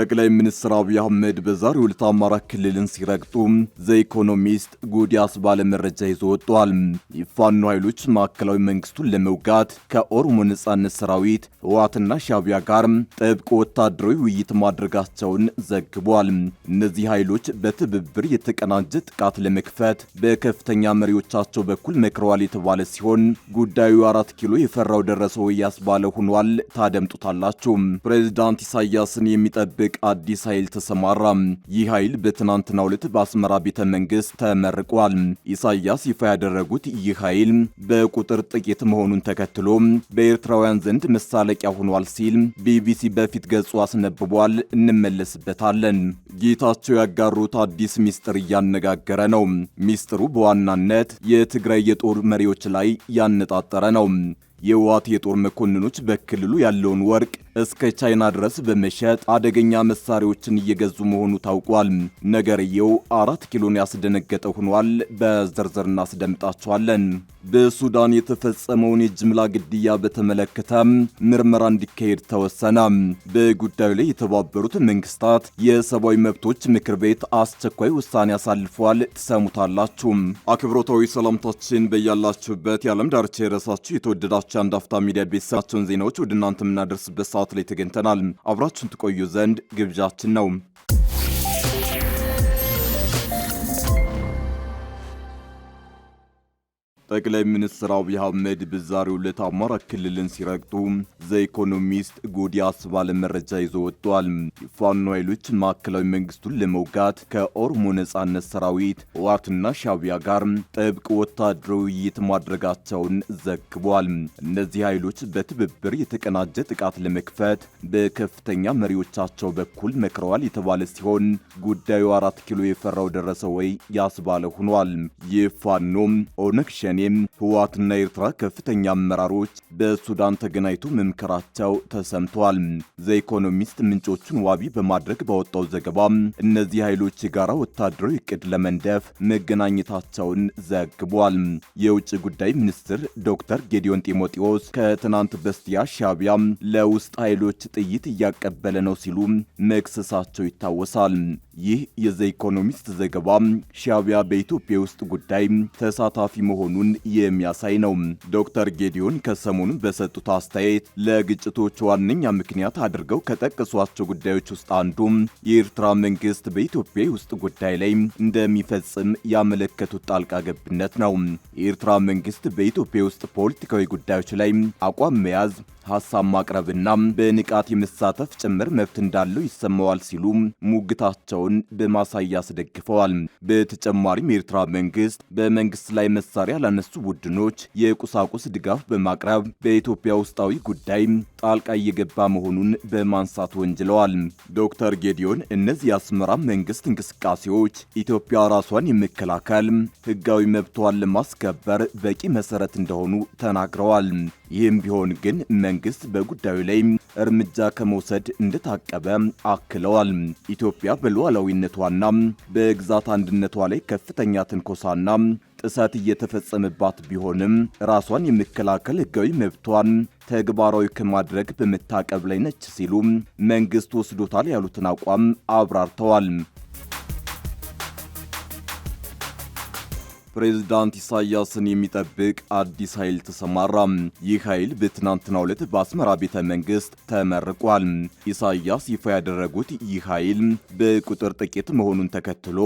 ጠቅላይ ሚኒስትር አብይ አህመድ በዛሬው ዕለት አማራ ክልልን ሲረግጡ ዘ ኢኮኖሚስት ጉድ ያስባለ መረጃ ይዞ ወጥቷል። የፋኖ ኃይሎች ማዕከላዊ መንግስቱን ለመውጋት ከኦሮሞ ነጻነት ሰራዊት ህወሓትና ሻቢያ ጋር ጥብቅ ወታደራዊ ውይይት ማድረጋቸውን ዘግቧል። እነዚህ ኃይሎች በትብብር የተቀናጀ ጥቃት ለመክፈት በከፍተኛ መሪዎቻቸው በኩል መክረዋል የተባለ ሲሆን ጉዳዩ አራት ኪሎ የፈራው ደረሰው ያስባለ ሆኗል። ታደምጡታላችሁ። ፕሬዚዳንት ኢሳያስን የሚጠብቅ የሚመርቅ አዲስ ኃይል ተሰማራ። ይህ ኃይል በትናንትናው ዕለት በአስመራ ቤተ መንግስት ተመርቋል። ኢሳያስ ይፋ ያደረጉት ይህ ኃይል በቁጥር ጥቂት መሆኑን ተከትሎ በኤርትራውያን ዘንድ መሳለቂያ ሆኗል ሲል ቢቢሲ በፊት ገጹ አስነብቧል። እንመለስበታለን። ጌታቸው ያጋሩት አዲስ ሚስጥር እያነጋገረ ነው። ሚስጥሩ በዋናነት የትግራይ የጦር መሪዎች ላይ ያነጣጠረ ነው። የህወሓት የጦር መኮንኖች በክልሉ ያለውን ወርቅ እስከ ቻይና ድረስ በመሸጥ አደገኛ መሳሪያዎችን እየገዙ መሆኑ ታውቋል። ነገርየው አራት ኪሎን ያስደነገጠ ሆኗል። በዝርዝር እናስደምጣቸዋለን። በሱዳን የተፈጸመውን የጅምላ ግድያ በተመለከተ ምርመራ እንዲካሄድ ተወሰነ። በጉዳዩ ላይ የተባበሩት መንግስታት የሰብአዊ መብቶች ምክር ቤት አስቸኳይ ውሳኔ አሳልፏል። ትሰሙታላችሁ። አክብሮታዊ ሰላምታችን በያላችሁበት የዓለም ዳርቻ የረሳችሁ የተወደዳችሁ የአንድ አፍታ ሚዲያ ቤተሰባቸውን ዜናዎች ወደ እናንተ የምናደርስበት ሰዓት ላይ ተገኝተናል። አብራችሁን ትቆዩ ዘንድ ግብዣችን ነው። ጠቅላይ ሚኒስትር አብይ አህመድ በዛሬው ዕለት አማራ ክልልን ሲረግጡ ዘ ኢኮኖሚስት ጉድ መረጃ ይዞ ወጥቷል። የፋኖ ኃይሎች ማዕከላዊ መንግስቱን ለመውጋት ከኦሮሞ ነጻነት ሰራዊት ህወሓትና ሻቢያ ጋር ጥብቅ ወታደራዊ ውይይት ማድረጋቸውን ዘግቧል። እነዚህ ኃይሎች በትብብር የተቀናጀ ጥቃት ለመክፈት በከፍተኛ መሪዎቻቸው በኩል መክረዋል የተባለ ሲሆን ጉዳዩ አራት ኪሎ የፈራው ደረሰ ወይ ያስባለ ሆኗል። ይህ ፋኖም ኦነግ ሸኔ ቅዳሜም ህወሓትና የኤርትራ ከፍተኛ አመራሮች በሱዳን ተገናኝቶ መምከራቸው ተሰምተዋል። ዘኢኮኖሚስት ምንጮቹን ዋቢ በማድረግ ባወጣው ዘገባ እነዚህ ኃይሎች የጋራ ወታደራዊ እቅድ ለመንደፍ መገናኘታቸውን ዘግቧል። የውጭ ጉዳይ ሚኒስትር ዶክተር ጌዲዮን ጢሞቴዎስ ከትናንት በስቲያ ሻቢያ ለውስጥ ኃይሎች ጥይት እያቀበለ ነው ሲሉ መክሰሳቸው ይታወሳል። ይህ የዘኢኮኖሚስት ዘገባ ሻቢያ በኢትዮጵያ ውስጥ ጉዳይ ተሳታፊ መሆኑን መሆኑን የሚያሳይ ነው። ዶክተር ጌዲዮን ከሰሞኑ በሰጡት አስተያየት ለግጭቶች ዋነኛ ምክንያት አድርገው ከጠቀሷቸው ጉዳዮች ውስጥ አንዱ የኤርትራ መንግስት በኢትዮጵያ ውስጥ ጉዳይ ላይ እንደሚፈጽም ያመለከቱት ጣልቃ ገብነት ነው። የኤርትራ መንግስት በኢትዮጵያ ውስጥ ፖለቲካዊ ጉዳዮች ላይ አቋም መያዝ ሀሳብ ማቅረብና በንቃት የመሳተፍ ጭምር መብት እንዳለው ይሰማዋል ሲሉ ሙግታቸውን በማሳያ አስደግፈዋል። በተጨማሪም የኤርትራ መንግስት በመንግስት ላይ መሳሪያ ያነሱ ቡድኖች የቁሳቁስ ድጋፍ በማቅረብ በኢትዮጵያ ውስጣዊ ጉዳይ ጣልቃ እየገባ መሆኑን በማንሳት ወንጅለዋል። ዶክተር ጌዲዮን እነዚህ የአስመራ መንግስት እንቅስቃሴዎች ኢትዮጵያ ራሷን የመከላከል ህጋዊ መብቷን ለማስከበር በቂ መሰረት እንደሆኑ ተናግረዋል። ይህም ቢሆን ግን መንግስት በጉዳዩ ላይ እርምጃ ከመውሰድ እንደታቀበ አክለዋል። ኢትዮጵያ በሉዓላዊነቷና በግዛት አንድነቷ ላይ ከፍተኛ ትንኮሳና ጥሰት እየተፈጸመባት ቢሆንም ራሷን የመከላከል ህጋዊ መብቷን ተግባራዊ ከማድረግ በመታቀብ ላይ ነች ሲሉ መንግስት ወስዶታል ያሉትን አቋም አብራርተዋል። ፕሬዝዳንት ኢሳያስን የሚጠብቅ አዲስ ኃይል ተሰማራ። ይህ ኃይል በትናንትናው ዕለት በአስመራ ቤተ መንግስት ተመርቋል። ኢሳያስ ይፋ ያደረጉት ይህ ኃይል በቁጥር ጥቂት መሆኑን ተከትሎ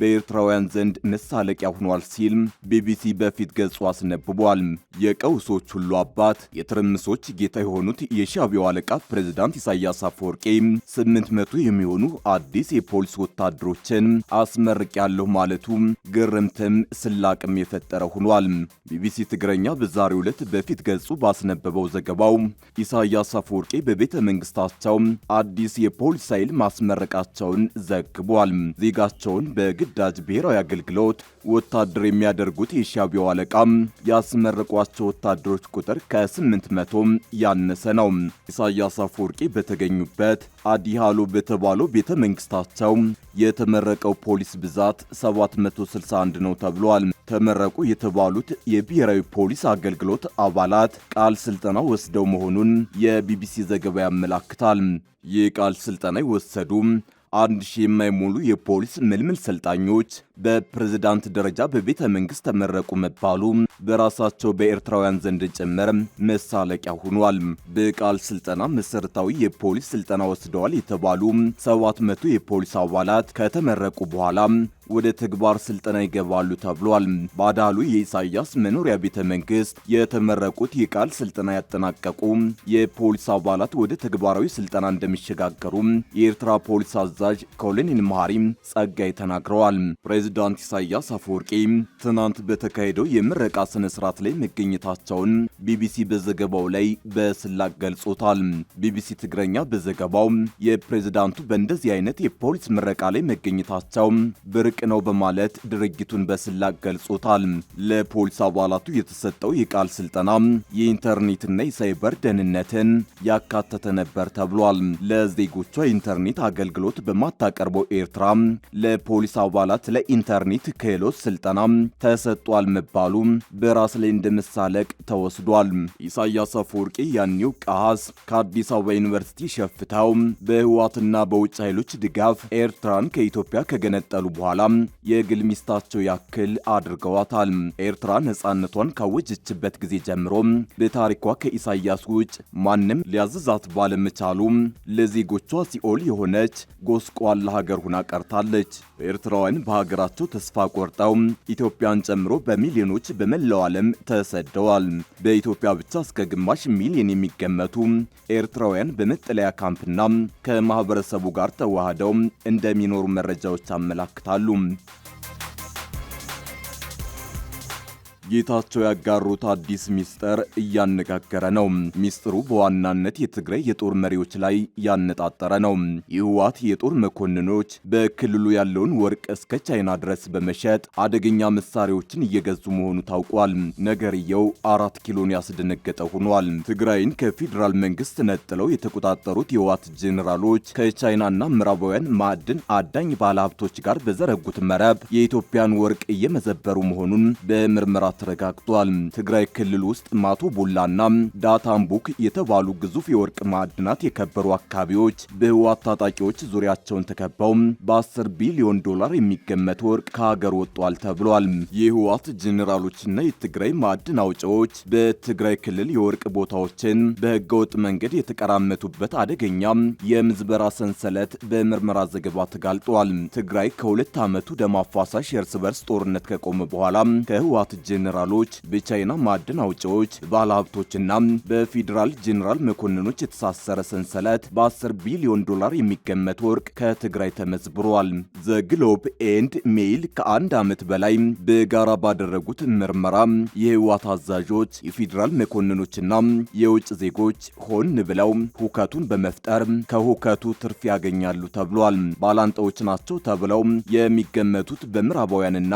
በኤርትራውያን ዘንድ መሳለቂያ ሆኗል ሲል ቢቢሲ በፊት ገጹ አስነብቧል። የቀውሶች ሁሉ አባት የትርምሶች ጌታ የሆኑት የሻቢያው አለቃ ፕሬዝዳንት ኢሳያስ አፈወርቄ 800 የሚሆኑ አዲስ የፖሊስ ወታደሮችን አስመርቅ ያለሁ ማለቱ ግርምትም ስላቅም የፈጠረ ሆኗል። ቢቢሲ ትግረኛ በዛሬው ዕለት በፊት ገጹ ባስነበበው ዘገባው ኢሳያስ አፈወርቂ በቤተ መንግስታቸው አዲስ የፖሊስ ኃይል ማስመረቃቸውን ዘግቧል። ዜጋቸውን በግዳጅ ብሔራዊ አገልግሎት ወታደር የሚያደርጉት የሻቢያው አለቃ ያስመረቋቸው ወታደሮች ቁጥር ከ800 ያነሰ ነው። ኢሳያስ አፈወርቂ በተገኙበት አዲሃሎ በተባለው ቤተ መንግስታቸው የተመረቀው ፖሊስ ብዛት 761 ነው ተብሏል። ተመረቁ የተባሉት የብሔራዊ ፖሊስ አገልግሎት አባላት ቃል ስልጠና ወስደው መሆኑን የቢቢሲ ዘገባ ያመላክታል። ይህ ቃል ስልጠና የወሰዱ አንድ ሺህ የማይሞሉ የፖሊስ ምልምል ሰልጣኞች በፕሬዝዳንት ደረጃ በቤተ መንግሥት ተመረቁ መባሉ በራሳቸው በኤርትራውያን ዘንድ ጭምር መሳለቂያ ሆኗል። በቃል ስልጠና መሰረታዊ የፖሊስ ስልጠና ወስደዋል የተባሉ ሰባት መቶ የፖሊስ አባላት ከተመረቁ በኋላ ወደ ተግባር ስልጠና ይገባሉ ተብሏል። በአዳሉ የኢሳያስ መኖሪያ ቤተ መንግስት የተመረቁት የቃል ስልጠና ያጠናቀቁ የፖሊስ አባላት ወደ ተግባራዊ ስልጠና እንደሚሸጋገሩ የኤርትራ ፖሊስ አዛዥ ኮሎኔል መሐሪ ጸጋይ ተናግረዋል። ፕሬዚዳንት ኢሳያስ አፈወርቂ ትናንት በተካሄደው የምረቃ ስነ ስርዓት ላይ መገኘታቸውን ቢቢሲ በዘገባው ላይ በስላቅ ገልጾታል። ቢቢሲ ትግረኛ በዘገባው የፕሬዚዳንቱ በእንደዚህ አይነት የፖሊስ ምረቃ ላይ መገኘታቸው ብርቅ ጽድቅ ነው በማለት ድርጊቱን በስላቅ ገልጾታል። ለፖሊስ አባላቱ የተሰጠው የቃል ስልጠና የኢንተርኔትና የሳይበር ደህንነትን ያካተተ ነበር ተብሏል። ለዜጎቿ የኢንተርኔት አገልግሎት በማታቀርበው ኤርትራ ለፖሊስ አባላት ለኢንተርኔት ክህሎት ስልጠና ተሰጧል መባሉ በራስ ላይ እንደመሳለቅ ተወስዷል። ኢሳያስ አፈወርቂ ያኔው ቃሃስ ከአዲስ አበባ ዩኒቨርሲቲ ሸፍተው በህዋትና በውጭ ኃይሎች ድጋፍ ኤርትራን ከኢትዮጵያ ከገነጠሉ በኋላ የግል ሚስታቸው ያክል አድርገዋታል። ኤርትራን ነጻነቷን ካወጀችበት ጊዜ ጀምሮ በታሪኳ ከኢሳያስ ውጭ ማንም ሊያዝዛት ባለመቻሉ ለዜጎቿ ሲኦል የሆነች ጎስቋላ ሀገር ሁና ቀርታለች። ኤርትራውያን በሀገራቸው ተስፋ ቆርጠው ኢትዮጵያን ጨምሮ በሚሊዮኖች በመላው ዓለም ተሰደዋል። በኢትዮጵያ ብቻ እስከ ግማሽ ሚሊዮን የሚገመቱ ኤርትራውያን በመጠለያ ካምፕና ከማህበረሰቡ ጋር ተዋህደው እንደሚኖሩ መረጃዎች አመላክታሉ። home ጌታቸው ያጋሩት አዲስ ሚስጥር እያነጋገረ ነው። ሚስጥሩ በዋናነት የትግራይ የጦር መሪዎች ላይ ያነጣጠረ ነው። የህወሓት የጦር መኮንኖች በክልሉ ያለውን ወርቅ እስከ ቻይና ድረስ በመሸጥ አደገኛ መሳሪያዎችን እየገዙ መሆኑ ታውቋል። ነገርየው አራት ኪሎን ያስደነገጠ ሆኗል። ትግራይን ከፌዴራል መንግስት ነጥለው የተቆጣጠሩት የህወሓት ጄኔራሎች ከቻይናና ምዕራባውያን ማዕድን አዳኝ ባለሀብቶች ጋር በዘረጉት መረብ የኢትዮጵያን ወርቅ እየመዘበሩ መሆኑን በምርመራ ተረጋግጧል። ትግራይ ክልል ውስጥ ማቶ ቦላና ዳታምቡክ የተባሉ ግዙፍ የወርቅ ማዕድናት የከበሩ አካባቢዎች በህወሓት ታጣቂዎች ዙሪያቸውን ተከበው በ10 ቢሊዮን ዶላር የሚገመት ወርቅ ከሀገር ወጥቷል ተብሏል። የህወሓት ጄኔራሎችና የትግራይ ማዕድን አውጪዎች በትግራይ ክልል የወርቅ ቦታዎችን በህገወጥ መንገድ የተቀራመቱበት አደገኛ የምዝበራ ሰንሰለት በምርመራ ዘገባ ተጋልጧል። ትግራይ ከሁለት ዓመቱ ደም አፋሳሽ የእርስ በርስ ጦርነት ከቆመ በኋላ ከህወሓት ጄኔራል ጄኔራሎች፣ በቻይና ማዕድን አውጪዎች፣ ባለ በፌዴራል ጄኔራል መኮንኖች የተሳሰረ ሰንሰለት በ10 ቢሊዮን ዶላር የሚገመት ወርቅ ከትግራይ ተመዝብሯል። ዘግሎብ ኤንድ ሜይል ከአንድ ዓመት በላይ በጋራ ባደረጉት ምርመራ የህወሓት አዛዦች፣ የፌዴራል መኮንኖችና የውጭ ዜጎች ሆን ብለው ሁከቱን በመፍጠር ከሁከቱ ትርፍ ያገኛሉ ተብሏል። ባላንጣዎች ናቸው ተብለው የሚገመቱት በምዕራባውያንና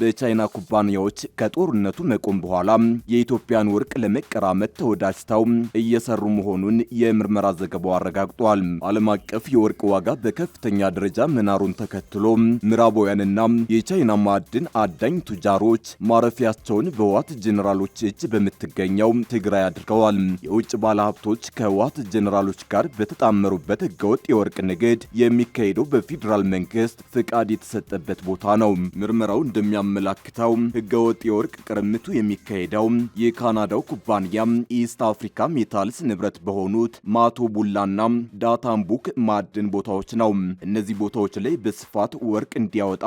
በቻይና ኩባንያዎች ከጦር ጦርነቱ መቆም በኋላ የኢትዮጵያን ወርቅ ለመቀራመት ተወዳጅተው እየሰሩ መሆኑን የምርመራ ዘገባው አረጋግጧል። ዓለም አቀፍ የወርቅ ዋጋ በከፍተኛ ደረጃ መናሩን ተከትሎ ምዕራባውያንና የቻይና ማዕድን አዳኝ ቱጃሮች ማረፊያቸውን በዋት ጄኔራሎች እጅ በምትገኘው ትግራይ አድርገዋል። የውጭ ባለሀብቶች ከዋት ጄኔራሎች ጋር በተጣመሩበት ህገወጥ የወርቅ ንግድ የሚካሄደው በፌዴራል መንግስት ፍቃድ የተሰጠበት ቦታ ነው። ምርመራው እንደሚያመላክተው ህገወጥ የወርቅ ቅርምቱ የሚካሄደው የካናዳው ኩባንያ ኢስት አፍሪካ ሜታልስ ንብረት በሆኑት ማቶ ቡላና ዳታምቡክ ማዕድን ቦታዎች ነው። እነዚህ ቦታዎች ላይ በስፋት ወርቅ እንዲያወጣ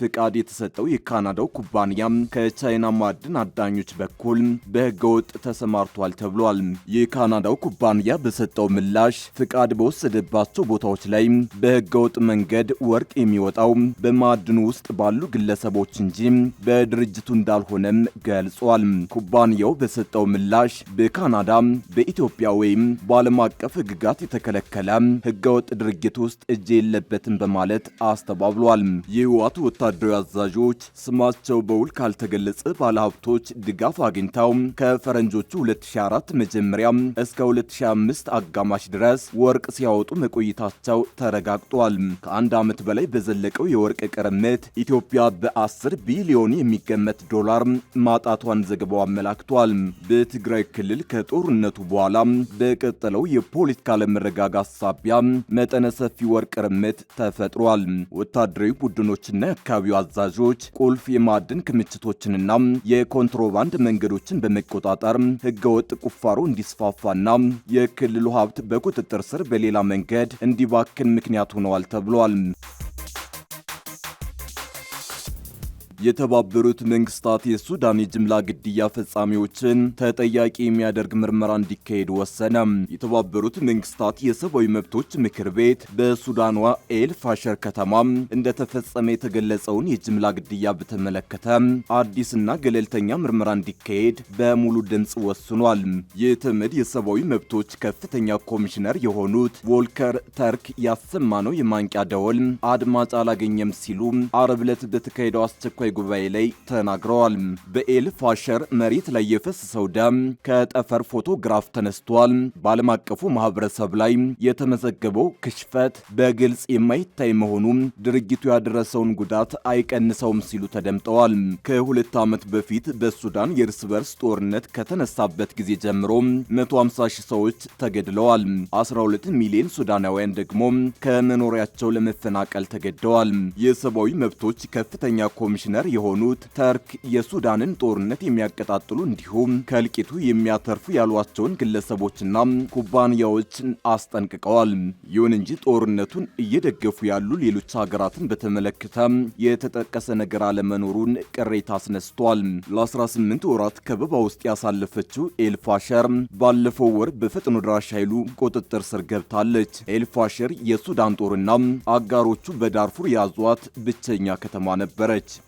ፍቃድ የተሰጠው የካናዳው ኩባንያ ከቻይና ማዕድን አዳኞች በኩል በህገወጥ ተሰማርቷል ተብሏል። የካናዳው ኩባንያ በሰጠው ምላሽ ፍቃድ በወሰደባቸው ቦታዎች ላይ በህገወጥ መንገድ ወርቅ የሚወጣው በማዕድኑ ውስጥ ባሉ ግለሰቦች እንጂ በድርጅቱ እንዳልሆነም መሆኑንም ገልጿል። ኩባንያው በሰጠው ምላሽ በካናዳ በኢትዮጵያ ወይም በዓለም አቀፍ ሕግጋት የተከለከለ ሕገወጥ ድርጊት ውስጥ እጅ የለበትም በማለት አስተባብሏል። የህወሓቱ ወታደራዊ አዛዦች ስማቸው በውል ካልተገለጸ ባለሀብቶች ድጋፍ አግኝተው ከፈረንጆቹ 2004 መጀመሪያ እስከ 2005 አጋማሽ ድረስ ወርቅ ሲያወጡ መቆየታቸው ተረጋግጧል። ከአንድ ዓመት በላይ በዘለቀው የወርቅ ቅርምት ኢትዮጵያ በ10 ቢሊዮን የሚገመት ዶላር ማጣቷን ዘገባው አመላክቷል። በትግራይ ክልል ከጦርነቱ በኋላ በቀጠለው የፖለቲካ አለመረጋጋት ሳቢያ መጠነ ሰፊ ወርቅ ርምት ተፈጥሯል። ወታደራዊ ቡድኖችና የአካባቢው አዛዦች ቁልፍ የማዕድን ክምችቶችንና የኮንትሮባንድ መንገዶችን በመቆጣጠር ህገወጥ ቁፋሮ እንዲስፋፋና የክልሉ ሀብት በቁጥጥር ስር በሌላ መንገድ እንዲባክን ምክንያት ሆነዋል ተብሏል። የተባበሩት መንግስታት የሱዳን የጅምላ ግድያ ፈጻሚዎችን ተጠያቂ የሚያደርግ ምርመራ እንዲካሄድ ወሰነ። የተባበሩት መንግስታት የሰብአዊ መብቶች ምክር ቤት በሱዳኗ ኤል ፋሸር ከተማ እንደተፈጸመ የተገለጸውን የጅምላ ግድያ በተመለከተ አዲስና ገለልተኛ ምርመራ እንዲካሄድ በሙሉ ድምፅ ወስኗል። የተመድ የሰብአዊ መብቶች ከፍተኛ ኮሚሽነር የሆኑት ቮልከር ተርክ ያሰማነው የማንቂያ ደወል አድማጭ አላገኘም ሲሉ አረብ ዕለት በተካሄደው አስቸኳይ ዓመታዊ ጉባኤ ላይ ተናግረዋል። በኤል ፋሸር መሬት ላይ የፈሰሰው ደም ከጠፈር ፎቶግራፍ ተነስቷል። በዓለም አቀፉ ማህበረሰብ ላይ የተመዘገበው ክሽፈት በግልጽ የማይታይ መሆኑ ድርጊቱ ያደረሰውን ጉዳት አይቀንሰውም ሲሉ ተደምጠዋል። ከሁለት ዓመት በፊት በሱዳን የእርስ በርስ ጦርነት ከተነሳበት ጊዜ ጀምሮ 150 ሺህ ሰዎች ተገድለዋል። 12 ሚሊዮን ሱዳናውያን ደግሞ ከመኖሪያቸው ለመፈናቀል ተገደዋል። የሰብአዊ መብቶች ከፍተኛ ኮሚሽነር ፓርትነር የሆኑት ተርክ የሱዳንን ጦርነት የሚያቀጣጥሉ እንዲሁም ከእልቂቱ የሚያተርፉ ያሏቸውን ግለሰቦችና ኩባንያዎችን አስጠንቅቀዋል። ይሁን እንጂ ጦርነቱን እየደገፉ ያሉ ሌሎች ሀገራትን በተመለከተ የተጠቀሰ ነገር አለመኖሩን ቅሬታ አስነስቷል። ለ18 ወራት ከበባ ውስጥ ያሳለፈችው ኤልፋሸር ባለፈው ወር በፈጥኖ ድራሽ ኃይሉ ቁጥጥር ስር ገብታለች። ኤልፋሸር የሱዳን ጦርና አጋሮቹ በዳርፉር ያዟት ብቸኛ ከተማ ነበረች።